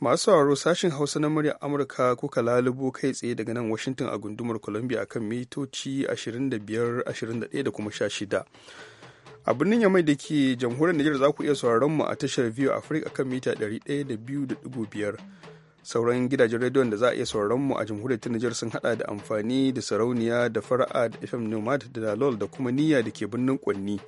masu sauraro sashen hausa na muryar amurka kuka lalubo kai tsaye daga nan washington a gundumar columbia kan mitoci 25 21 da kuma 16 a birnin yamai da ke jamhuriyar Nijar za ku iya sauraron mu a tashar View Africa kan mita 102.5 sauran gidajen rediyon da za a iya sauraron mu a jamhuriyar Nijar sun hada da amfani da sarauniya da fara'a da FM Nomad da Dalol da kuma niyya da ke birnin Kwanni.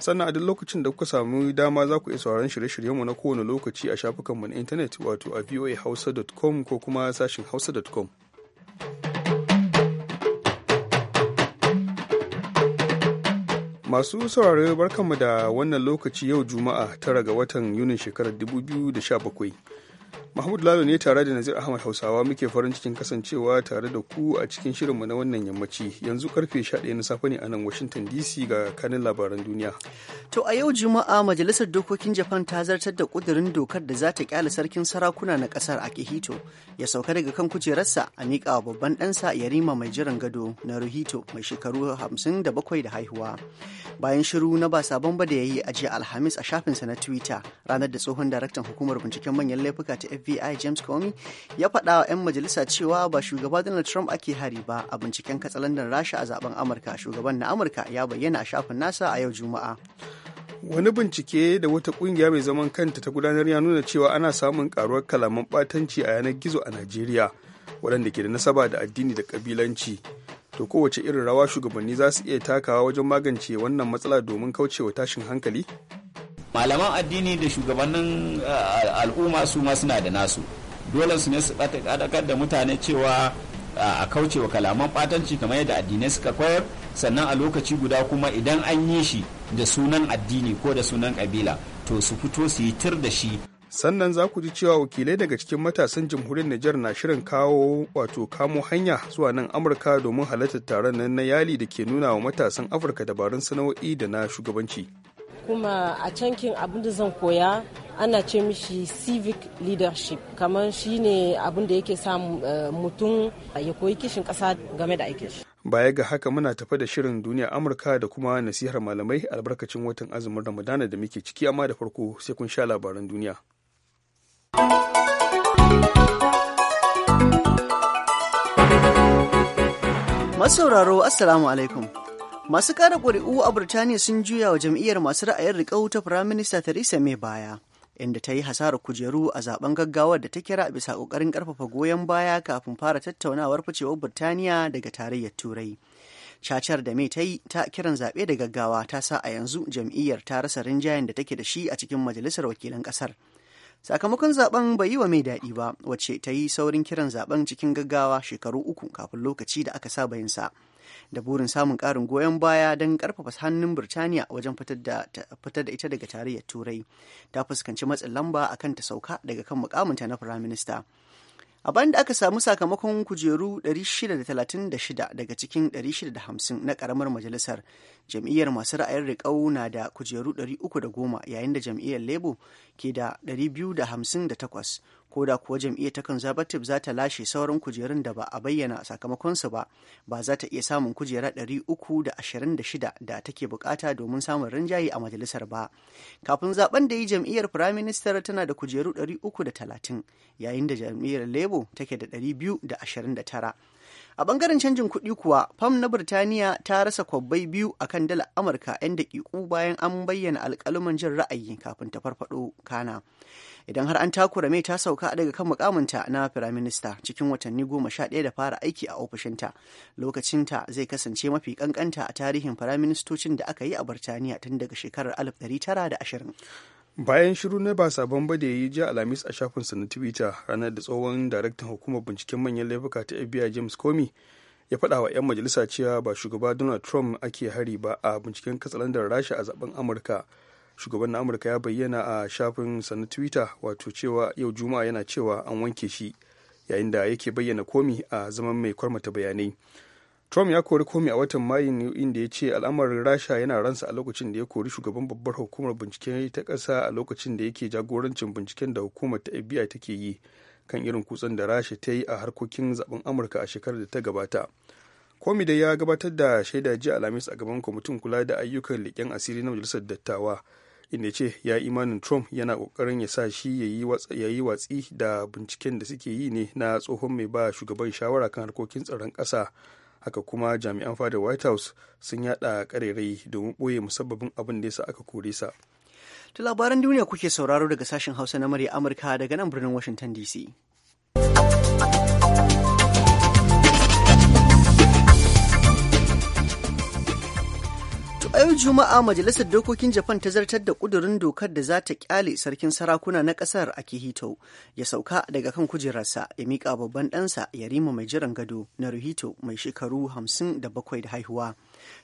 sannan a duk lokacin da kuka samu dama za ku iya sauraron shirye-shiryenmu na kowane lokaci a shafukanmu na intanet wato a voahausa.com ko kuma sashin hausa.com masu saurare barkanmu da wannan lokaci yau juma'a tara ga watan yunin shekarar 2017 Mahmud Lalo ne tare da Nazir Ahmad Hausawa muke farin cikin kasancewa tare da ku a cikin shirinmu na wannan yammaci yanzu karfe 11 na safe ne a nan Washington DC ga kanin labaran duniya. To a yau Juma'a Majalisar Dokokin Japan ta zartar da kudurin dokar da za ta kyale sarkin sarakuna na kasar Akihito ya sauka daga kan kujerarsa a miƙa wa babban ɗansa Yarima mai jiran gado na Ruhito mai shekaru 57 da haihuwa. Bayan shiru na ba sabon ba da ya yi a jiya Alhamis a shafinsa na Twitter ranar da tsohon daraktan hukumar binciken manyan laifuka ta FBI FBI James Comey ya faɗa wa 'yan majalisa cewa ba shugaba Donald Trump ake hari ba a binciken katsalandan Rasha a zaben Amurka. Shugaban na Amurka ya bayyana a shafin nasa a yau Juma'a. Wani bincike da wata kungiya mai zaman kanta ta gudanar ya nuna cewa ana samun karuwar kalaman ɓatanci a yanar gizo a Najeriya waɗanda ke da nasaba da addini da kabilanci. to kowace irin rawa shugabanni za su iya takawa wajen magance wannan matsala domin kaucewa tashin hankali malaman addini da shugabannin al'umma su ma suna da nasu dole su ne su fatakar da mutane cewa a kaucewa kalaman ɓatanci kamar yadda addinai suka koyar sannan a lokaci guda kuma idan an yi shi da sunan addini ko da sunan kabila to su fito su yi tir da shi sannan za ku ji cewa wakilai daga cikin matasan jamhuriyar Nijar na shirin kawo wato kamo hanya zuwa nan Amurka domin halartar taron nan na yali da ke nuna wa matasan Afirka dabarun sana'o'i da na shugabanci. Kuma a cankin abin da zan koya ana ce mishi civic leadership kamar shine abin da yake sa eh, mutum ya koyi kishin kasa game da aikin shi. Baya ga haka muna tafa da shirin duniya Amurka da kuma nasihar malamai albarkacin watan azumin Ramadana da muke ciki amma da farko sai kun sha labaran duniya. Masauraro Assalamu alaikum. Masu ƙara ƙuri'u a Birtaniya sun juya wa jam'iyyar masu ra'ayin riƙau ta Firaminista Theresa May baya, inda ta yi hasarar kujeru a zaben gaggawar da ta kira bisa ƙoƙarin ƙarfafa goyon baya kafin fara tattaunawar ficewar Birtaniya daga tarayyar Turai. cacar da mai ta yi ta kiran zaɓe da gaggawa ta sa a yanzu jam'iyyar ta rasa rinjayen da take da shi a cikin majalisar wakilan ƙasar sakamakon zaben bai yi wa mai daɗi ba wacce ta yi saurin kiran zaben cikin gaggawa shekaru uku kafin lokaci da aka saba yinsa da burin samun ƙarin goyon baya don ƙarfafa hannun birtaniya wajen fitar da ita daga tarayyar turai ta fuskanci matsin lamba akan ta sauka daga kan mukaminta na firaminista a bayan da aka samu sakamakon kujeru 636 daga cikin 650 na karamar majalisar jam'iyyar masu ra'ayin riƙau na da kujeru 310 yayin da jam'iyyar Labo ke da 258 ko da kuwa jam'iyyar takan zabatib za ta lashe sauran kujerun da ba a bayyana sakamakonsu ba ba za ta iya samun kujera 326 da take bukata domin samun rinjaye a majalisar ba kafin zaben da yi jam'iyyar prime minister tana da kujeru 330 yayin da jam'iyyar labour take da 229 A bangaren canjin kuɗi kuwa, fam na Birtaniya ta rasa kwabbai biyu a kan dala Amurka 'yan daƙiƙu bayan an bayyana alƙaluman jin ra'ayi kafin ta farfaɗo kana. Idan har an takura mai ta sauka daga kan mukaminta na firaminista cikin watanni goma sha ɗaya da fara aiki a ofishinta, lokacinta zai kasance mafi ƙanƙanta a tarihin firaministocin da aka yi a Birtaniya tun daga shekarar alif tara da ashirin. bayan shiru na ba sabon ba da ya yi jiya alhamis a shafinsa na twitter ranar da tsohon daraktan hukumar binciken manyan laifuka ta fbi james comey ya faɗa wa 'yan majalisa cewa ba shugaba donald trump ake hari ba a binciken katsalandar rasha a zaben amurka shugaban na amurka ya bayyana a shafin sa na twitter wato cewa yau juma'a yana cewa an wanke shi yayin da yake bayyana komi a zaman mai kwarmata bayanai Trump ya kori komi a watan Mayu ne inda ya ce al'amarin Rasha yana ransa a lokacin da ya kori shugaban babbar hukumar bincike ta ƙasa a lokacin da yake jagorancin binciken da hukumar ta FBI take yi kan irin kutsen da Rasha ta yi a harkokin zaben Amurka a shekarar da ta gabata. Komi da ya gabatar da shaida jiya Alhamis a gaban kwamitin kula da ayyukan leƙen asiri na Majalisar Dattawa inda ya ce ya imanin Trump yana kokarin ya sa shi ya yi watsi da binciken da suke yi ne na tsohon mai ba shugaban shawara kan harkokin tsaron ƙasa haka kuma jami'an fadar white house sun yada karerai domin ɓoye musabbabin abin da yasa aka kore sa to labaran duniya kuke sauraro daga sashen hausa na murya amurka daga nan birnin washington dc yau Juma'a Majalisar Dokokin Japan ta zartar da ƙudurin dokar da za ta kyale sarkin sarakuna na ƙasar Akihito ya sauka daga kan kujerarsa ya mika babban ɗansa Yarima mai jiran gado na Ruhito mai shekaru hamsin da bakwai da haihuwa.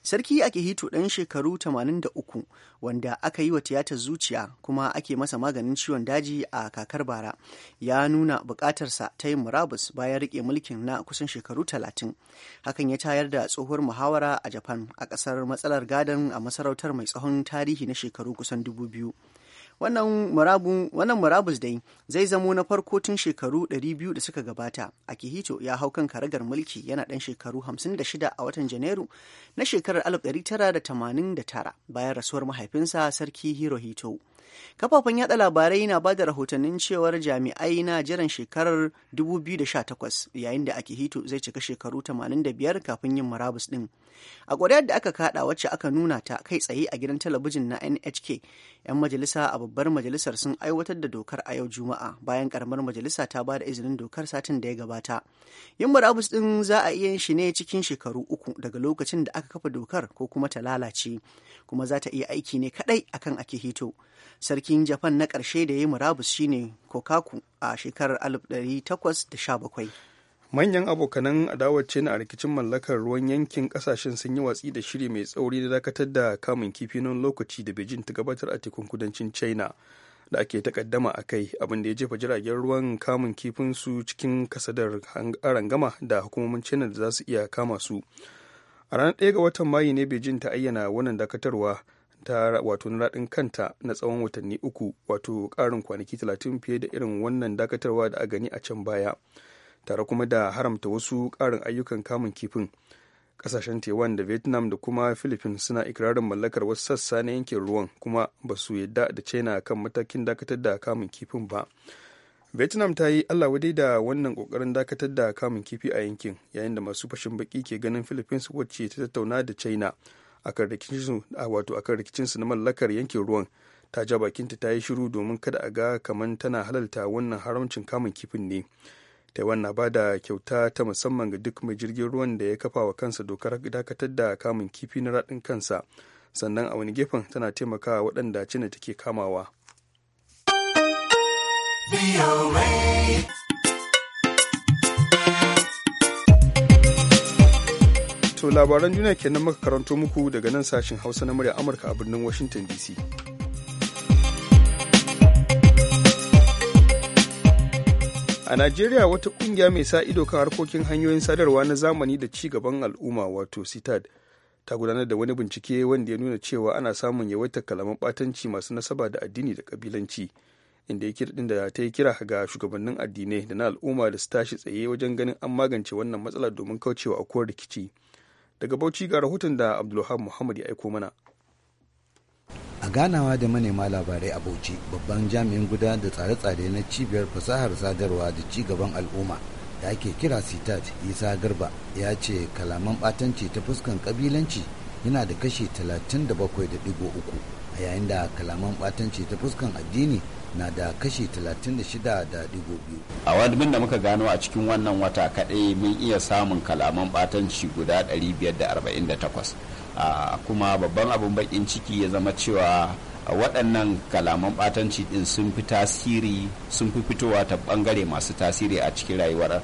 Sarki ake hito ɗan shekaru 83 wanda aka yi wa tiyatar zuciya kuma ake masa maganin ciwon daji a kakar bara ya nuna buƙatarsa ta yin murabus bayan riƙe mulkin na kusan shekaru 30. Hakan ya tayar da tsohuwar muhawara a Japan a ƙasar matsalar gadon a masarautar mai tsawon tarihi na shekaru kusan dubu biyu. Wannan murabus dai zai zamo na farko tun shekaru 200 da suka gabata. Akihito ya hau kan karagar mulki yana ɗan shekaru 56 a watan Janairu na shekarar 1989 bayan rasuwar mahaifinsa Sarki Hirohito. Kafafen yada labarai na bada rahotannin cewar jami'ai na jiran shekarar 2018 yayin da Akihito zai cika shekaru 85 kafin yin murabus ɗin. a ƙuri'ar da aka kada wacce aka nuna ta kai tsaye a gidan talabijin na nhk 'yan majalisa a babbar majalisar sun aiwatar da dokar a yau juma'a bayan karamar majalisa ta ba da izinin dokar satin da ya gabata yin murabus din za a iya shi ne cikin shekaru uku daga lokacin da aka kafa dokar ko kuma ta lalace kuma za ta iya aiki ne kadai akan hito. sarkin japan na karshe da ya yi murabus shine kokaku a shekarar 1817 manyan abokanan adawar ce a rikicin mallakar ruwan yankin kasashen sun yi watsi da shiri mai tsauri da dakatar da kamun kifi nan lokaci da beijing ta gabatar a tekun kudancin china da ake takaddama a kai abin da ya jefa jiragen ruwan kamun kifin su cikin kasadar arangama da hukumomin china da za su iya kama su a ranar 1 ga watan mayu ne beijing ta ayyana wannan dakatarwa ta wato na raɗin kanta na tsawon watanni uku wato ƙarin kwanaki 30 fiye da irin wannan dakatarwa da a gani a can baya tare kuma da haramta wasu karin ayyukan kamun kifin ƙasashen taiwan da vietnam da kuma philippines suna ikirarin mallakar wasu sassa na yankin ruwan kuma ba su yadda da china kan matakin dakatar da kamun kifin ba vietnam ta yi allah wadai da wannan kokarin dakatar da kamun kifi a yankin yayin da masu fashin baki ke ganin philippines wacce ta tattauna da china akan rikicinsu na mallakar yankin ruwan ta ja bakinta ta yi shiru domin kada a ga kamar tana halalta wannan haramcin kamun kifin ne taiwan na bada kyauta ta musamman ga duk mai jirgin ruwan da ya kafa wa kansa dokar dakatar da kamun kifi na raɗin kansa sannan a wani gefen tana taimakawa waɗanda cina take kamawa To labaran duniya kenan muka karanto muku daga nan sashin Hausa na murya Amurka a birnin Washington DC. A Najeriya wata kungiya mai sa ido kan harkokin hanyoyin sadarwa na zamani da ci gaban al'umma wato CITAD ta gudanar da wani bincike wanda ya nuna cewa ana samun yawaitar kalaman batanci masu nasaba da addini da kabilanci inda da ta yi kira ga shugabannin addinai da na al'umma da su tashi tsaye wajen ganin an magance wannan matsala domin kaucewa akwai rikici. Daga Bauchi ga rahoton da Abdulhamid Muhammad ya aiko mana. a ganawa da manema labarai a bauchi babban jami'in guda da tsare-tsare na cibiyar fasahar sadarwa da ci gaban al'umma da ake kira sitat isa garba ya ce kalaman batanci ta fuskan kabilanci yana da kashi 37.3 a yayin da kalaman batanci ta fuskan addini na da kashi 36.2 a wadmin da muka gano a cikin wannan wata kaɗai mun iya samun kalaman batanci guda 548 kuma babban abin bakin ciki ya zama cewa waɗannan kalaman ɓatanci ɗin sun fi tasiri sun fi fitowa ta ɓangare masu tasiri a cikin rayuwar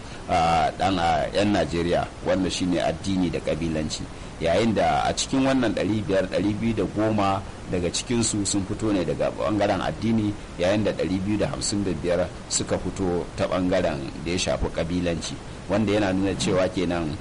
ɗan 'yan najeriya wanda shine addini da ƙabilanci yayin da a cikin wannan 500-210 daga cikinsu sun fito ne daga ɓangaren addini yayin da 255 suka fito ta ɓangaren da ya shafi ƙabilanci wanda yana nuna cewa kenan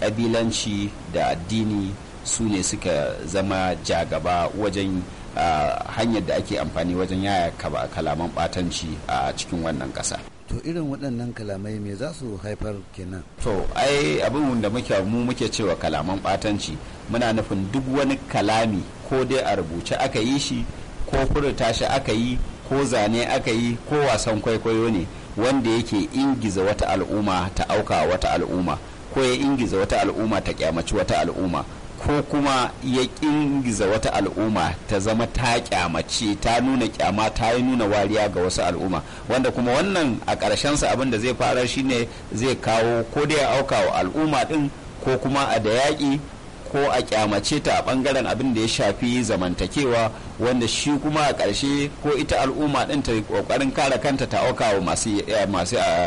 ƙabilanci da addini su ne suka zama jagaba wajen ah, hanyar da ake amfani wajen yaya kalaman batanci a cikin wannan ƙasa. to irin waɗannan kalamai me za su haifar kenan to ai abin da muke mu muke cewa kalaman batanci muna nufin duk wani kalami ko dai a rubuce aka yi shi ko furta shi aka yi ko zane aka yi ko wasan kwaikwayo ne wanda yake ingiza wata al'umma ta auka wata al'umma ko ya ingiza wata al'umma ta kyamaci wata al'umma ko kuma ya ƙingiza wata al'umma ta zama ta kyamace ta nuna kyama ta yi nuna wariya ga wasu al'umma wanda kuma wannan a ƙarshensa abin da zai fara shine zai kawo ko da ya auka wa al'umma din ko kuma a da yaƙi ko a kyamace ta a ɓangaren abin da ya shafi zamantakewa wanda shi kuma a ƙarshe ko ita al'umma ɗin ta ƙoƙarin kare kanta ta auka wa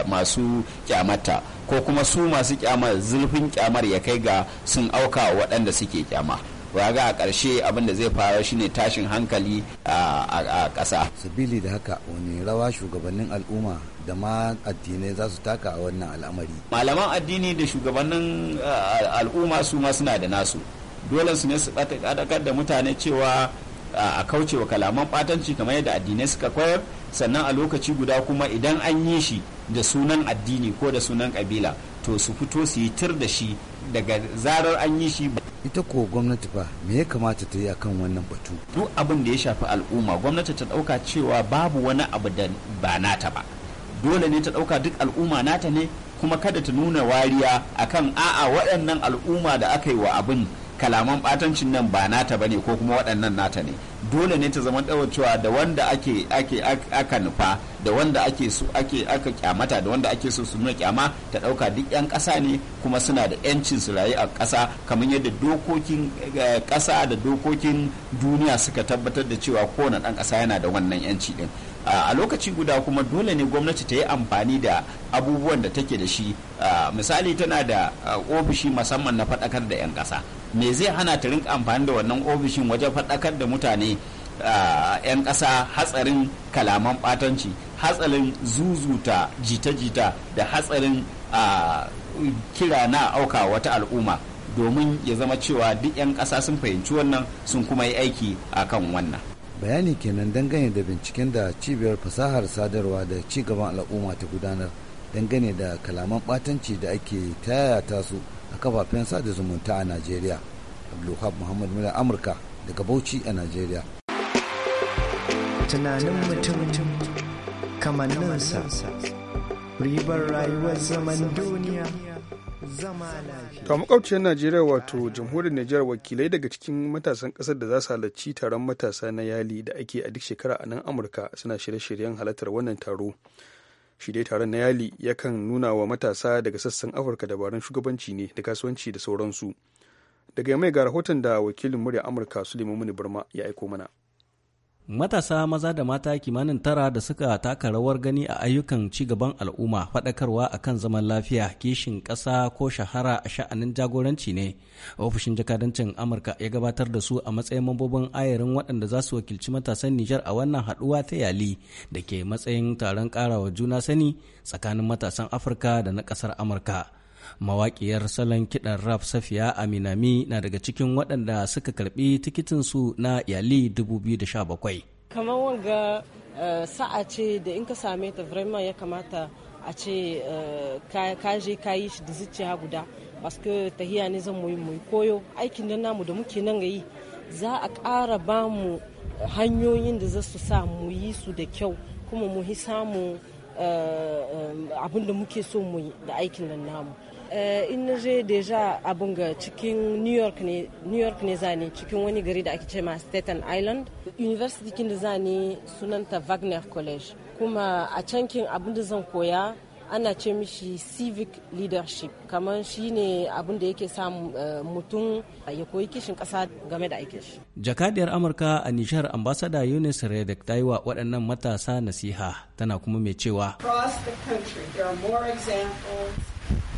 masu kyamata. Eh, ko kuma su masu kyamar zurfin kyamar ya kai ga sun auka waɗanda suke kyama ga a ƙarshe abin da zai faru shine tashin hankali a ƙasa. sabili da haka wani rawa shugabannin al'umma da ma addinai za su taka a wannan al'amari malaman addini da shugabannin al'umma su ma suna da nasu dole su ne su ɗaɗakar da mutane cewa a kaucewa kalaman ɓatanci kamar yadda addinai suka koyar sannan a lokaci guda kuma idan an yi shi da sunan addini ko da sunan kabila to su fito su yi tir da shi daga zarar an yi shi ita ko gwamnati fa me ya kamata ta yi akan wannan batu duk abin da ya shafi al'umma gwamnati ta dauka cewa babu wani abu da ba nata ba dole ne ta dauka duk al'umma nata ne kuma kada ta nuna wariya akan a'a waɗannan al'umma da aka yi wa abin kalaman batancin nan ba nata bane ko kuma waɗannan nata ne dole ne ta zama cewa da wanda ake aka nufa da wanda ake so ake aka kyamata da wanda ake so su nuna kyama ta dauka duk yan kasa ne kuma suna da yancin su rayu a kasa kamar yadda dokokin kasa eh, da dokokin duniya suka tabbatar da cewa kowane dan kasa yana da wannan yanci din a lokaci guda kuma dole ne gwamnati ta yi amfani da abubuwan da take da shi misali tana da ofishi musamman na faɗakar da 'yan ƙasa me zai hana ta rinka amfani da wannan ofishin wajen faɗakar da mutane 'yan ƙasa hatsarin kalaman ɓatanci hatsarin zuzuta jita-jita da hatsarin kira na auka wata al'umma domin ya zama cewa duk 'yan ƙasa sun fahimci wannan sun kuma yi aiki a kan wannan bayani kenan dangane da binciken da cibiyar fasahar sadarwa da ci gaban al'umma ta gudanar dangane da kalaman ɓatanci da ake tayata su a kafafen sada zumunta a Najeriya. Abdulhab Muhammad Mula Amurka daga Bauchi a Najeriya. Tunanin mutum kamanninsa ribar rayuwar zaman duniya zama To makwabciyar Najeriya wato jamhuriyar Nijar wakilai daga cikin matasan ƙasar da za su halarci taron matasa na yali da ake a duk shekara a nan Amurka suna shirye-shiryen halartar wannan taro. shi dai taron na yali yakan nuna wa matasa daga sassan afirka dabarun shugabanci ne da kasuwanci da sauransu daga mai ga rahoton da wakilin murya amurka suleiman muni burma ya aiko mana Matasa maza da mata kimanin tara da suka taka rawar gani a ayyukan ci gaban al'umma faɗakarwa a kan zaman lafiya kishin ƙasa ko shahara a sha'anin jagoranci ne. Ofishin jakadancin Amurka ya gabatar da su a matsayin mambobin ayarin waɗanda za su wakilci matasan Nijar a wannan haɗuwa ta yali da ke matsayin taron ƙarawa juna sani tsakanin matasan Afirka da na ƙasar Amurka. mawaƙiyar salon kiɗan rap safiya aminami na daga cikin waɗanda suka karɓi tikitinsu na yali 2017 kamar wanga eh, sa'a ce da in ka same ta vraiment ya kamata a ce eh, ka je ka yi shi da zuciya guda ta tahiya ne zan muyi muyi koyo aikin da namu da muke nan ga yi za a ƙara ba mu hanyoyin da za su sa mu yi su da kyau kuma mu samu eh, abin da muke so mu yi da aikin nan namu Eh, in na je deja abun ga cikin new york ne new york ne zane cikin wani gari da ake ce ma staten island university kin da zane sunanta wagner college kuma a can kin abun da zan koya ana ce mishi civic leadership kamar shi ne abin da yake sa eh, mutum ya koyi kishin ƙasa game da aikin shi. jakadiyar amurka a nishar ambasada yunus redek ta yi wa waɗannan matasa nasiha tana kuma mai cewa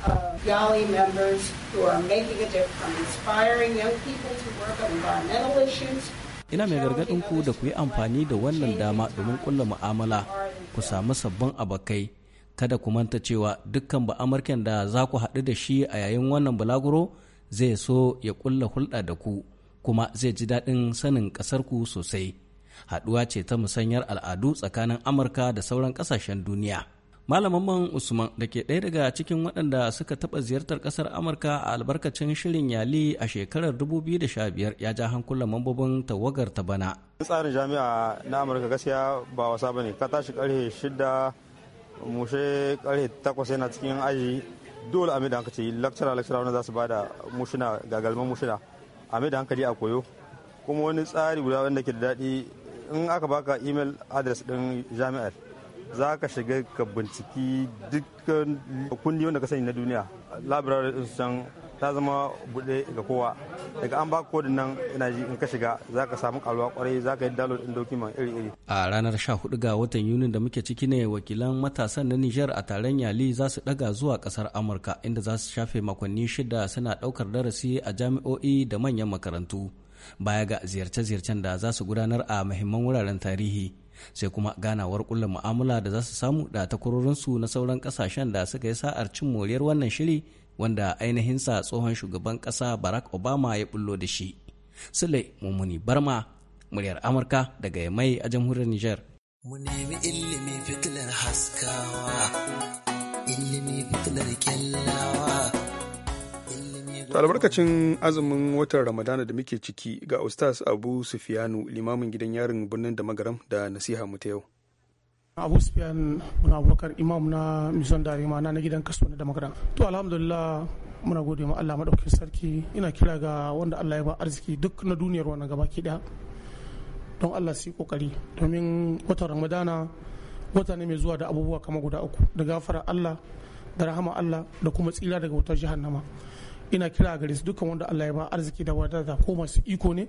uh, Yali members who are making a difference, inspiring young people to work on environmental issues. Ina mai gargaɗin ku da ku yi amfani da wannan dama domin kulla mu'amala ku samu sabbin abokai kada ku manta cewa dukkan ba'amurken da za ku haɗu da shi a yayin wannan bulaguro zai so ya kulla hulɗa da ku kuma zai ji daɗin sanin ƙasarku sosai. Haɗuwa ce ta musanyar al'adu tsakanin Amurka da sauran ƙasashen duniya. malaman man Usman da ke ɗaya daga cikin waɗanda suka taɓa ziyartar ƙasar Amurka a albarkacin shirin Yali a shekarar 2015 ya ja hankulan mambobin tawagar ta bana. Tsarin jami'a na Amurka gaskiya ba wasa ba ne, ka tashi ƙarfe shida mushe ƙarfe takwas yana cikin aji dole amida mai da lakcara lakcara wani za su bada mushina gagalman mushina amida mai da a koyo kuma wani tsari guda wanda ke da daɗi in aka baka email address ɗin jami'ar za ka shiga ka binciki dukkan kundi wanda ka sani na duniya labirar can ta zama buɗe ga kowa daga an ba kodin nan ina ji in ka shiga za ka samu karuwa kwarai za ka yi download din document iri-iri a ranar 14 ga watan yuni da muke ciki ne wakilan matasan na niger a taron yali za su daga zuwa kasar amurka inda za su shafe makonni shida suna daukar darasi a jami'o'i da manyan makarantu baya ga ziyarce-ziyarcen da za su gudanar a muhimman wuraren tarihi sai kuma ganawar kulla mu'amala da za su samu da takwarorinsu na sauran kasashen da suka yi sa'ar cin moriyar wannan shiri wanda ainihin sa tsohon shugaban ƙasa barack obama ya bullo da shi sule mummuni barma muryar amurka daga yamai a jamhuriyar niger mu nemi ilimi fitilar haskawa ilimi fitilar kyallawa To albarkacin azumin watan Ramadana da muke ciki ga Ustaz Abu Sufiyanu limamin gidan yarin birnin da magaram da nasiha mu ta yau. abu sufiyan muna abubakar imam na mison dare ma na gidan kaso da magaram to alhamdulillah muna gode ma allah maɗaukin sarki ina kira ga wanda allah ya ba arziki duk na duniyar wannan gaba ki ɗaya don allah su yi ƙoƙari domin watan ramadana wata ne mai zuwa da abubuwa kama guda uku da gafara allah da rahama allah da kuma tsira daga wutar nama. ina kira gare su dukkan wanda Allah ya ba arziki da wadata ko masu iko ne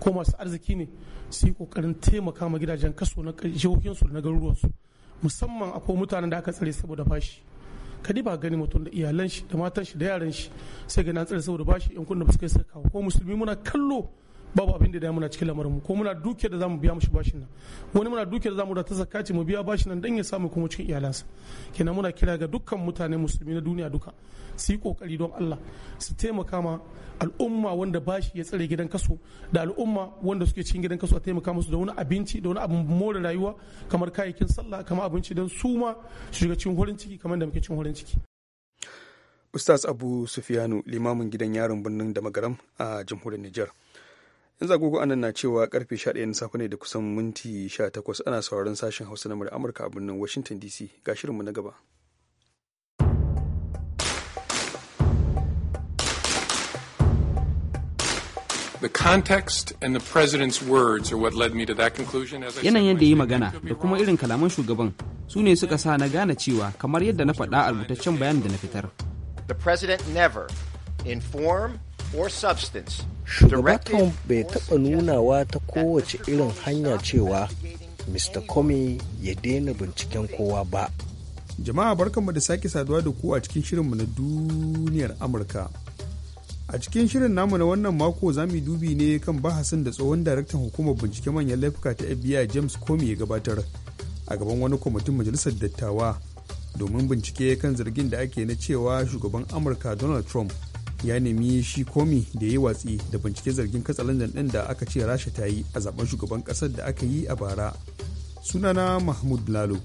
ko masu arziki ne su kokarin taimaka ma gidajen kaso na su na su musamman akwai mutanen da aka tsare saboda bashi kadi ba gani mutum da iyalan shi da matan shi da yaran shi sai ga na tsare saboda bashi yan kunna ba su kai kawo ko musulmi muna kallo babu abin da ya muna cikin lamarin mu ko muna duke da zamu biya mushi bashin nan wani muna duke da zamu da ta zakaci mu biya bashin nan dan ya samu kuma cikin iyalansa kenan muna kira ga dukkan mutane musulmi na duniya duka su yi kokari don Allah su taimaka ma al'umma wanda bashi ya tsare gidan kaso da al'umma wanda suke cikin gidan kaso a taimaka musu da wani abinci da wani abin more rayuwa kamar kayayyakin sallah kamar abinci don su ma su shiga cikin horin ciki kamar da muke cikin horin ciki Ustaz Abu Sufiyanu limamin gidan yaron birnin da magaram a jamhuriyar Nijar. anan na cewa karfe 11 na safe ne da kusan minti 18 ana sauraron sashen hausa na amurka a birnin washington dc ga shirinmu na gaba The context and the president's words are what led me to that conclusion Yanayin da yi magana da kuma irin kalaman shugaban su ne suka sa na gane cewa kamar yadda na faɗa a rubutaccen da na fitar. The president never inform. Shugaba bai taɓa nunawa ta kowace irin hanya cewa Mr. Comey ya daina binciken kowa ba. Jama'a barkanmu da sake saduwa da ku a cikin shirin shirinmu na duniyar Amurka. A cikin shirin namu na wannan mako za mu dubi ne kan bahasin da tsohon daraktan hukumar bincike manyan laifuka ta FBI James Comey ya gabatar a gaban wani kwamitin majalisar dattawa domin bincike kan zargin da ake na cewa shugaban Amurka Donald Trump ya nemi shi komi da ya watsi da bincike zargin katsalandan ɗin da aka ce rasha ta yi a zaben shugaban ƙasar da aka yi a bara sunana mahmud lalo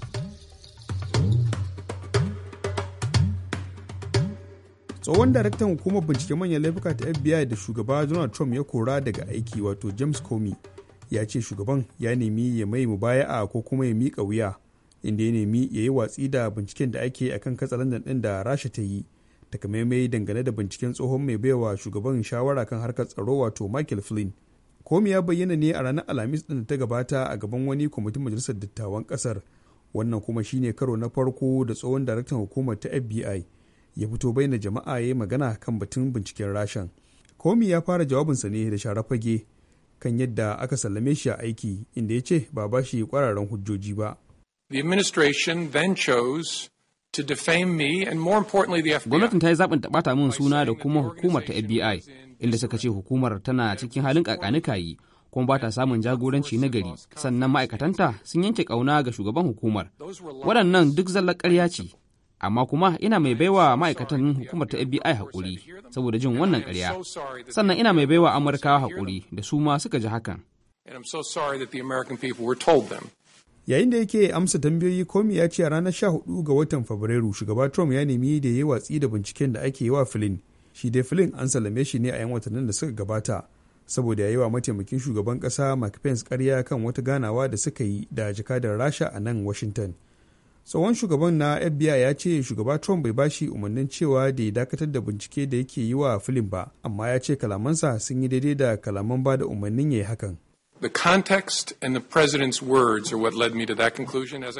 tsohon daraktan hukumar bincike manyan laifuka ta fbi da shugaba donald trump ya kora daga aiki wato james comey ya ce shugaban ya nemi ya mai mubaya'a ko kuma ya mika wuya inda ya nemi ya yi watsi da binciken da ake akan katsalandan ɗin da rasha ta yi takamaimai dangane da binciken tsohon mai baiwa shugaban shawara kan harkar tsaro wato michael flynn komi ya bayyana ne a ranar alhamis din ta gabata a gaban wani kwamitin majalisar dattawan kasar wannan kuma shine karo na farko da tsohon daraktan hukumar ta fbi ya fito bayyana jama'a ya magana kan batun binciken rashan komi ya fara jawabinsa ne da shara fage kan yadda aka sallame shi a aiki inda ya ce ba ba shi kwararan hujjoji ba the administration then chose to defame me and more importantly the FBI. Gwamnatin ta yi zaɓin ta ɓata min suna da kuma hukumar ta FBI inda suka ce hukumar tana cikin halin yi kuma ba ta samun jagoranci na gari sannan ma'aikatanta sun yanke ƙauna ga shugaban hukumar. Waɗannan duk zallar ƙarya ce amma kuma ina mai baiwa ma'aikatan hukumar ta FBI haƙuri saboda jin wannan ƙarya. Sannan ina mai baiwa Amurkawa haƙuri da su ma suka ji hakan. And I'm so sorry American people were told yayin da yake amsa tambayoyi komi ya ce a ranar 14 ga watan fabrairu shugaba trump ya nemi da ya watsi da binciken da ake yi wa flynn shi dai filin an salame shi ne a yan watannin da suka gabata saboda ya yi wa mataimakin shugaban kasa mike pence karya kan wata ganawa da suka yi da jakadar rasha a nan washington tsohon shugaban na fbi ya ce shugaba trump bai bashi umarnin cewa da ya dakatar da bincike da yake yi wa filin ba amma ya ce kalamansa sun yi daidai da kalaman ba da umarnin ya yi hakan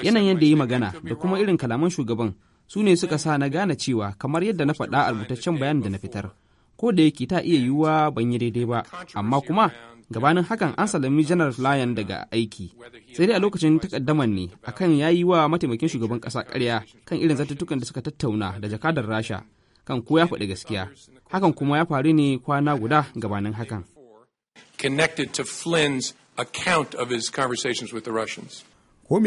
Yanayin da yi magana da kuma irin kalaman shugaban su ne suka sa na gane cewa kamar yadda na faɗa a rubutaccen bayanin da na fitar. Ko da yake ta iya yiwuwa ban yi daidai ba, amma kuma gabanin hakan an salami janar Lyon daga aiki. Sai dai a lokacin takaddaman ne akan ya yi wa mataimakin shugaban ƙasa ƙarya kan irin zartattukan da suka tattauna da jakadar Rasha kan ko ya faɗi gaskiya. Hakan kuma ya faru ne kwana guda gabanin hakan. connected to Flynn's account of his conversations with the Russians.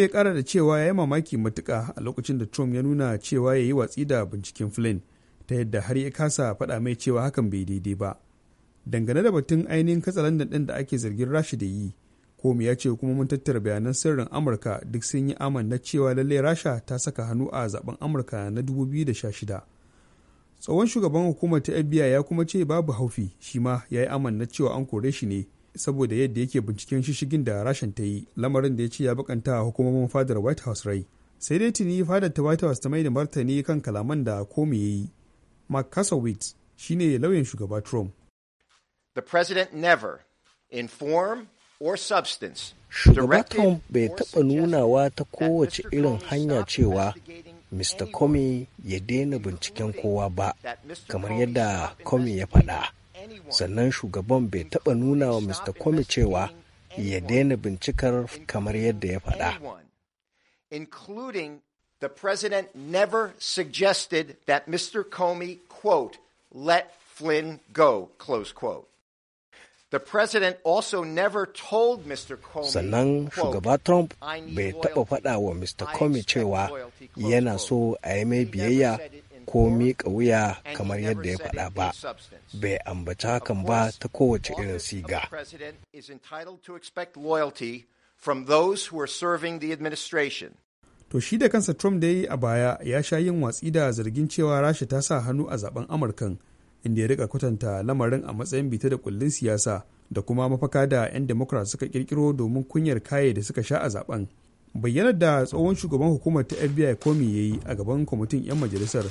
ya kara da cewa ya yi mamaki matuka a lokacin da Trump ya nuna cewa ya yi watsi da binciken Flynn ta yadda har ya kasa faɗa mai cewa hakan bai daidai ba. Dangane da batun ainihin katsalandan ɗin da ake zargin Rasha da yi, Home ya ce kuma mun tattara bayanan sirrin Amurka duk sun yi amanna cewa lallai Rasha ta saka hannu a zaben Amurka na 2016. tsohon shugaban hukumar ta fbi ya kuma ce babu haufi shi ma ya yi amanna cewa an kore shi ne saboda yadda yake binciken shishigin da rashin ta yi lamarin da ya ce ya bakanta hukumomin fadar white house rai sai dai tuni fadar ta white house ta mai da martani kan kalaman da komi ya yi mark kasowitz shine lauyan shugaba trump the president never in form or substance shugaba trump bai taɓa nunawa ta kowace irin hanya cewa Mr. Comey ya daina binciken kowa ba, kamar yadda Comey ya faɗa. Sannan shugaban bai taɓa nuna wa Mr. Comey cewa ya daina bincikar kamar yadda ya faɗa. Including the president never suggested that Mr. Comey, quote, let Flynn go, close quote. Sannan shugaba Trump bai taɓa faɗa wa Mr. Comey cewa yana so a yi mai biyayya ko miƙa wuya kamar yadda ya faɗa ba, bai ambaci hakan ba ta kowace irin siga. To shi da kansa Trump da ya yi a baya ya sha yin watsi da zargin cewa Rasha ta sa hannu a zaben Amurkan. inda ya rika kwatanta lamarin a matsayin bita da kullun siyasa da kuma mafaka da 'yan demokrat suka kirkiro domin kunyar kaye da suka sha a zaben bayyanar da tsohon shugaban hukumar ta fbi komi ya yi a gaban kwamitin 'yan majalisar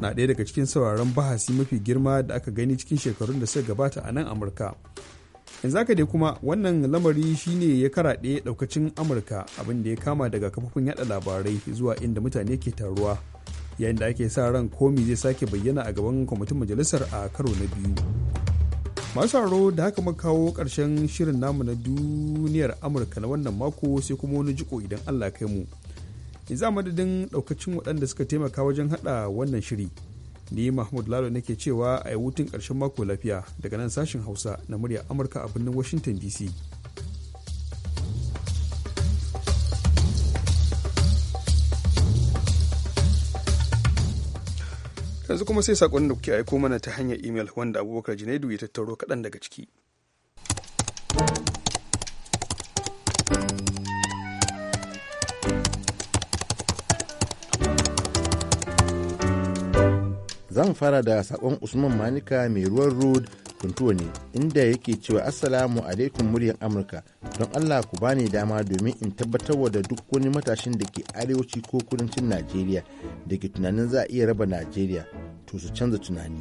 na ɗaya daga cikin sauraron bahasi mafi girma da aka gani cikin shekarun da suka gabata a nan amurka yanzu haka dai kuma wannan lamari shine ya kara karaɗe ɗaukacin amurka abin da ya kama daga kafofin yada labarai zuwa inda mutane ke taruwa yayin da ake sa ran komi zai sake bayyana a gaban kwamitin majalisar a karo na biyu masu sauraro da haka muka kawo ƙarshen shirin namu na duniyar amurka na wannan mako sai kuma wani jiko idan allah kai mu za madadin ɗaukacin waɗanda suka taimaka wajen haɗa wannan shiri ni mahmud lalo nake cewa a yi hutun ƙarshen mako lafiya daga nan sashen hausa na murya amurka a birnin washington dc yanzu kuma sai saƙon da kuke aiko mana ta hanyar imel wanda abubakar jinaidu ya tattaro kaɗan daga ciki zan fara da saƙon usman manika mai ruwan rod. Kuntuwa ne inda yake cewa Assalamu alaikum muryar Amurka don Allah ku bani dama domin in tabbatar da duk wani matashin da ke arewaci ko kudancin Najeriya da ke tunanin za a iya raba Najeriya to su canza tunani.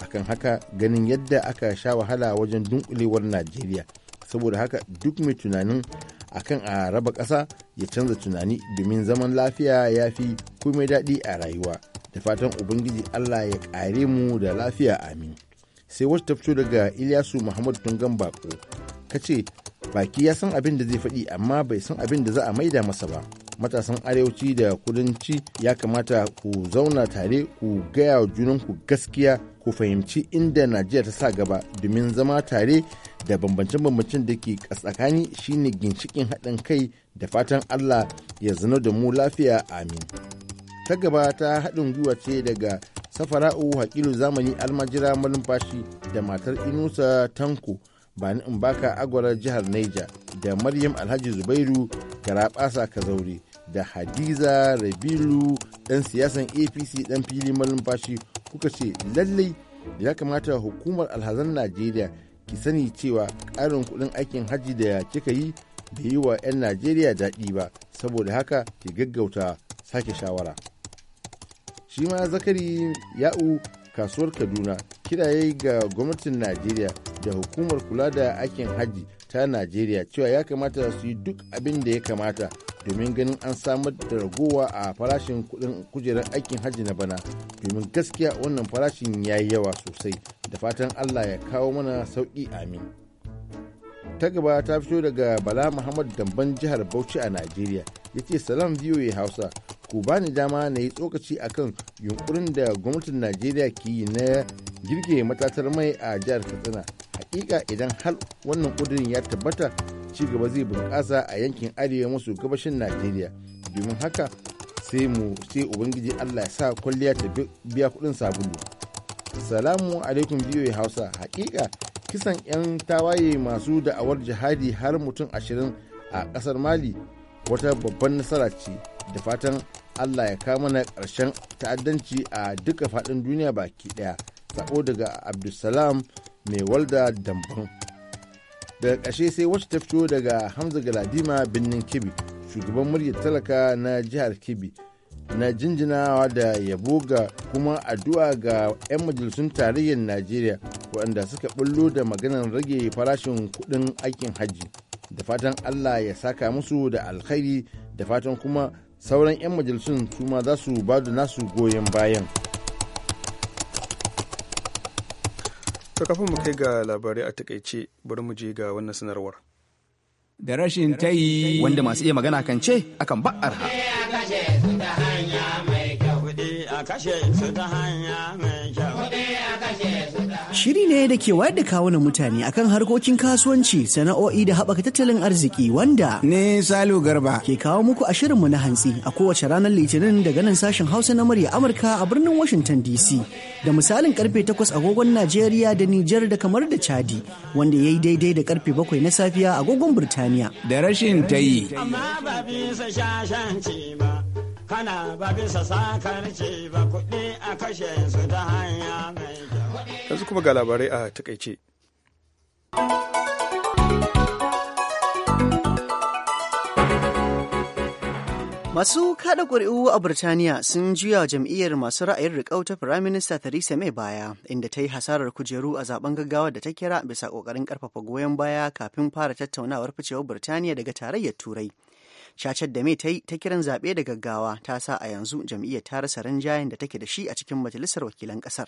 Akan haka ganin yadda aka sha wahala wajen dunkulewar Najeriya saboda haka duk mai tunanin akan a raba ƙasa ya canza tunani domin zaman lafiya ya fi komai daɗi a rayuwa da fatan ubangiji allah ya ƙare mu da lafiya amin sai wata ta fito daga ilyasu muhammad tungan bako ka ce baki ya san abin da zai faɗi amma bai san abin da za a maida masa ba matasan arewaci da kudanci ya kamata ku zauna tare ku gaya wa ku gaskiya ku fahimci inda najeriya ta sa gaba domin zama tare da bambance-bambancen da ke tsakani shine ginshikin haɗin kai da fatan allah ya zano da mu lafiya amin ta gaba ta haɗin gwiwa ce daga safara'u hakilu zamani almajira malumfashi da matar inusa tanko bani in baka agwarar jihar Neja da Maryam Alhaji Zubairu Garabasa kazauri da Hadiza Rabilu ɗan siyasan APC ɗan fili malumfashi kuka ce lallai ya kamata hukumar alhazan Najeriya ki sani cewa ƙarin kuɗin aikin hajji da kika yi bai yi wa 'yan Najeriya daɗi ba saboda haka ki gaggauta sake shawara. shi ma zakari ya'u kasuwar kaduna kiraye ga gwamnatin najeriya da hukumar kula da aikin hajji ta najeriya cewa ya kamata su yi duk abin da ya kamata domin ganin an samar da ragowa a farashin kudin kujerar aikin hajji na bana domin gaskiya wannan farashin ya yi yawa sosai da fatan allah ya kawo mana sauki amin ta gaba ta fito daga bala muhammad damban jihar bauchi a najeriya ya ce salam ya hausa ku ni dama na yi tsokaci akan yunkurin da gwamnatin najeriya ke yi na girge matatar mai a jihar katsina hakika idan har wannan kudirin ya tabbata ci gaba zai bunƙasa a yankin arewa masu gabashin najeriya domin haka sai mu sai ubangiji allah ya sa kwalliya ta biya kuɗin sabulu salamu alaikum biyoyi hausa hakika kisan 'yan tawaye masu da'awar jihadi har mutum ashirin a ƙasar mali wata babban nasara ce da fatan Allah ya kama na ƙarshen ta'addanci a duka faɗin duniya baki ɗaya sako daga Abdulsalam mai walda damban. Daga ƙashe sai wacce ta fito daga Hamza Galadima birnin Kebbi shugaban muryar talaka na jihar Kebbi na jinjinawa da yabo ga kuma addu'a ga 'yan majalisun tarayyar Najeriya waɗanda suka bullo da maganar rage farashin kuɗin aikin hajji da fatan Allah ya saka musu da alkhairi da fatan kuma sauran 'yan majalisun su ma za su ba da nasu goyon bayan to kafin mu kai ga labarai a takaice bari mu je ga wannan sanarwar da rashin ta yi wanda masu iya magana kan ce akan ba arha kashe a kashe su ta hanya mai Shiri ne da ke wayar da kawunan mutane akan harkokin kasuwanci, sana'o'i da haɓaka tattalin arziki wanda ne Salo Garba ke kawo muku a shirinmu na hantsi a kowace ranar Litinin daga nan sashen Hausa na murya Amurka a birnin Washington DC da misalin karfe 8 agogon Najeriya da Nijar da kamar da Chadi wanda ya yi daidai da karfe bakwai na safiya agogon Birtaniya. Da rashin ta yi. Amma ba bisa shashanci ba. kana ba bisa ce ba kuɗi a kashe su ta hanya mai kyau. Yanzu kuma ga labarai a takaice. Masu kada ƙuri'u a birtaniya sun juya jam'iyyar masu ra'ayin riƙau ta Firaminista Theresa May baya, inda ta yi hasarar kujeru a zaben gaggawa da ta kira bisa ƙoƙarin ƙarfafa goyon baya kafin fara tattaunawar ficewar birtaniya daga tarayyar Turai. cacar da mai ta yi ta kiran zaɓe da gaggawa ta sa a yanzu jam'iyyar ta rasa jayen da take da shi a cikin majalisar wakilan ƙasar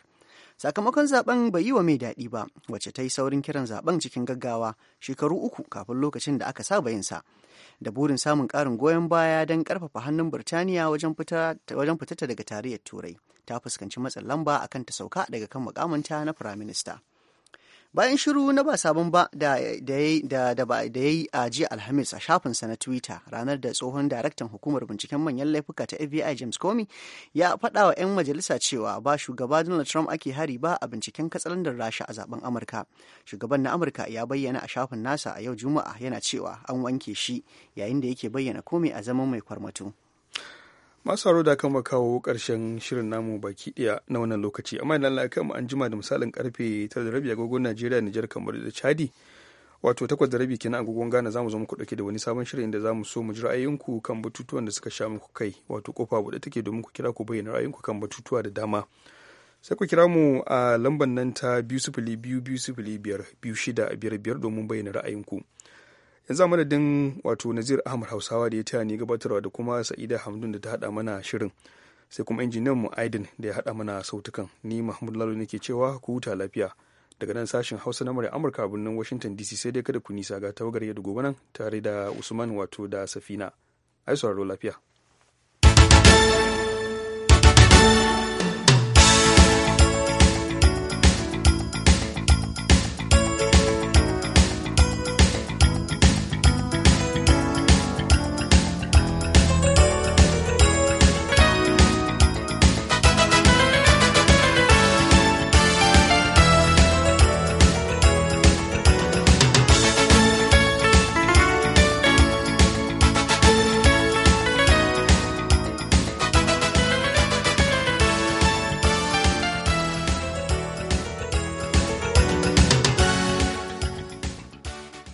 sakamakon zaben bai yi wa mai daɗi ba wacce ta yi saurin kiran zaben cikin gaggawa shekaru uku kafin lokacin da aka saba yin sa da burin samun ƙarin goyon baya don ƙarfafa hannun birtaniya wajen fitata daga tarayyar turai ta fuskanci matsin lamba akan ta sauka daga kan mukamanta na firaminista. bayan shiru na ba sabon ba da ya yi a jiya alhamis a shafinsa na twitter ranar da tsohon daraktan hukumar binciken manyan laifuka ta fbi james comey ya faɗa wa 'yan majalisa cewa ba shugaba donald trump ake hari ba a binciken katsalandar rasha a zaben amurka shugaban na amurka ya bayyana a shafin nasa a yau juma'a yana cewa an wanke shi yayin da yake bayyana comey a zaman mai kwarmatu masu haro da kama kawo ƙarshen shirin namu baki ɗaya na wannan lokaci amma idan Allah mu an jima da misalin karfe rabi agogon Najeriya Nijar kamar da Chadi wato da rabi kenan agogon Ghana zamu zo muku dauke da wani sabon shirin da zamu so mu ji ra'ayinku kan batutuwan da suka sha muku kai wato kofa buɗe take domin ku kira ku bayyana ra'ayinku kan batutuwa da dama sai ku kira mu a lambar nan ta 2 0 domin bayyana ra'ayinku. yanzu a madadin wato nazir ahmad hausawa da ya taya ni gabatarwa da kuma sa'ida hamdun da ta haɗa mana shirin sai kuma injiniyan mu aidin da ya haɗa mana sautukan ni mahmud lalo ke cewa ku huta lafiya daga nan sashen hausa na murya amurka a birnin washington dc sai dai kada ku nisa ga tawagar yadda gobe nan tare da usman wato da safina ai sauraro lafiya